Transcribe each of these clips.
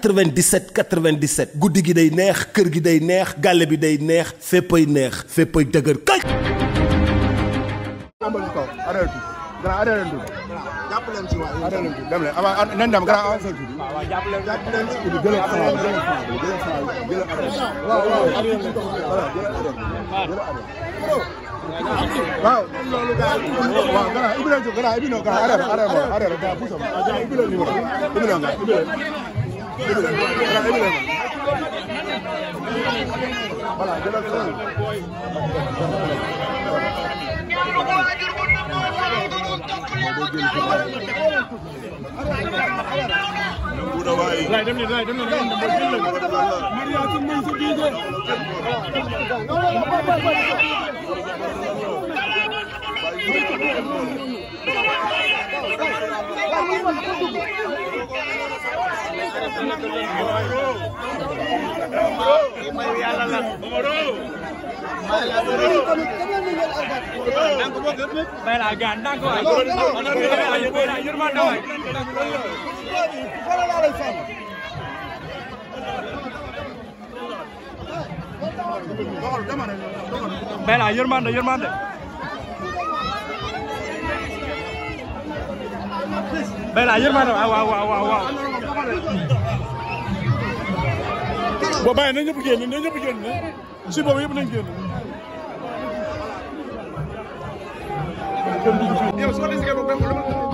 97 97 guddi gi day neex kër gi day neex gàlle bi day neex féppay neex féppay dëgër kay. waaw loolu gars yi waaw gannaaw ibi leen jóg gannaaw ibi noo gannaaw arrêté arrêté arrêté gannaaw puusam ibi leen numéro ibi leen gars ibi leen voilà jëlal sa yi Bayla gaan ndànk waay yërmande waay Bayla yërmande yërmande Bayla yërmande waaw waaw waaw waaw boo bàyyi na ñëpp génn na ñëpp génn eh. si boobu yëpp nañ génn. yow su ma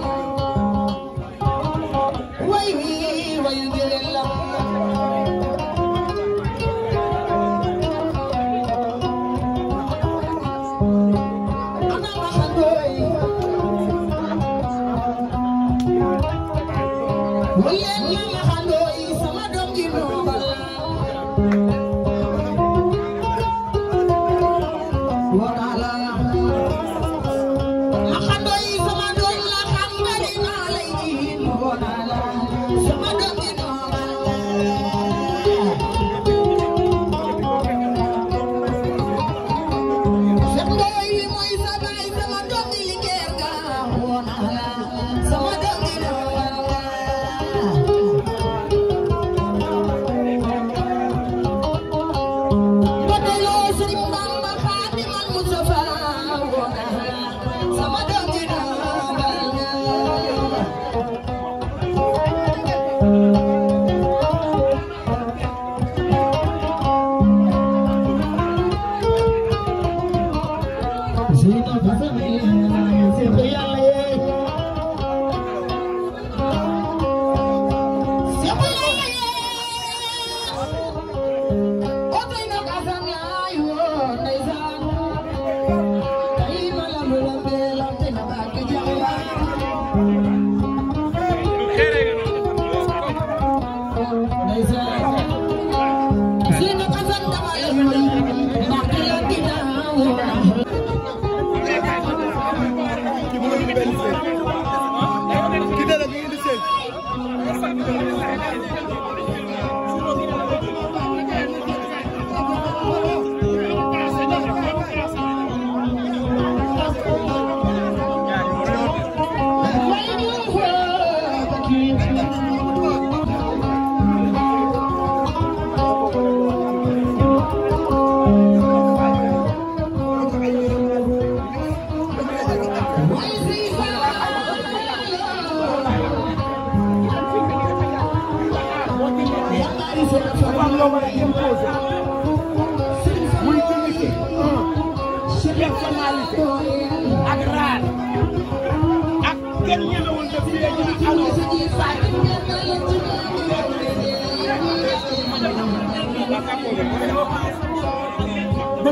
man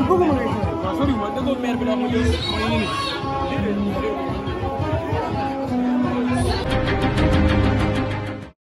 bëgguma lay sori ma dëggoo maire bi daal mooy mooy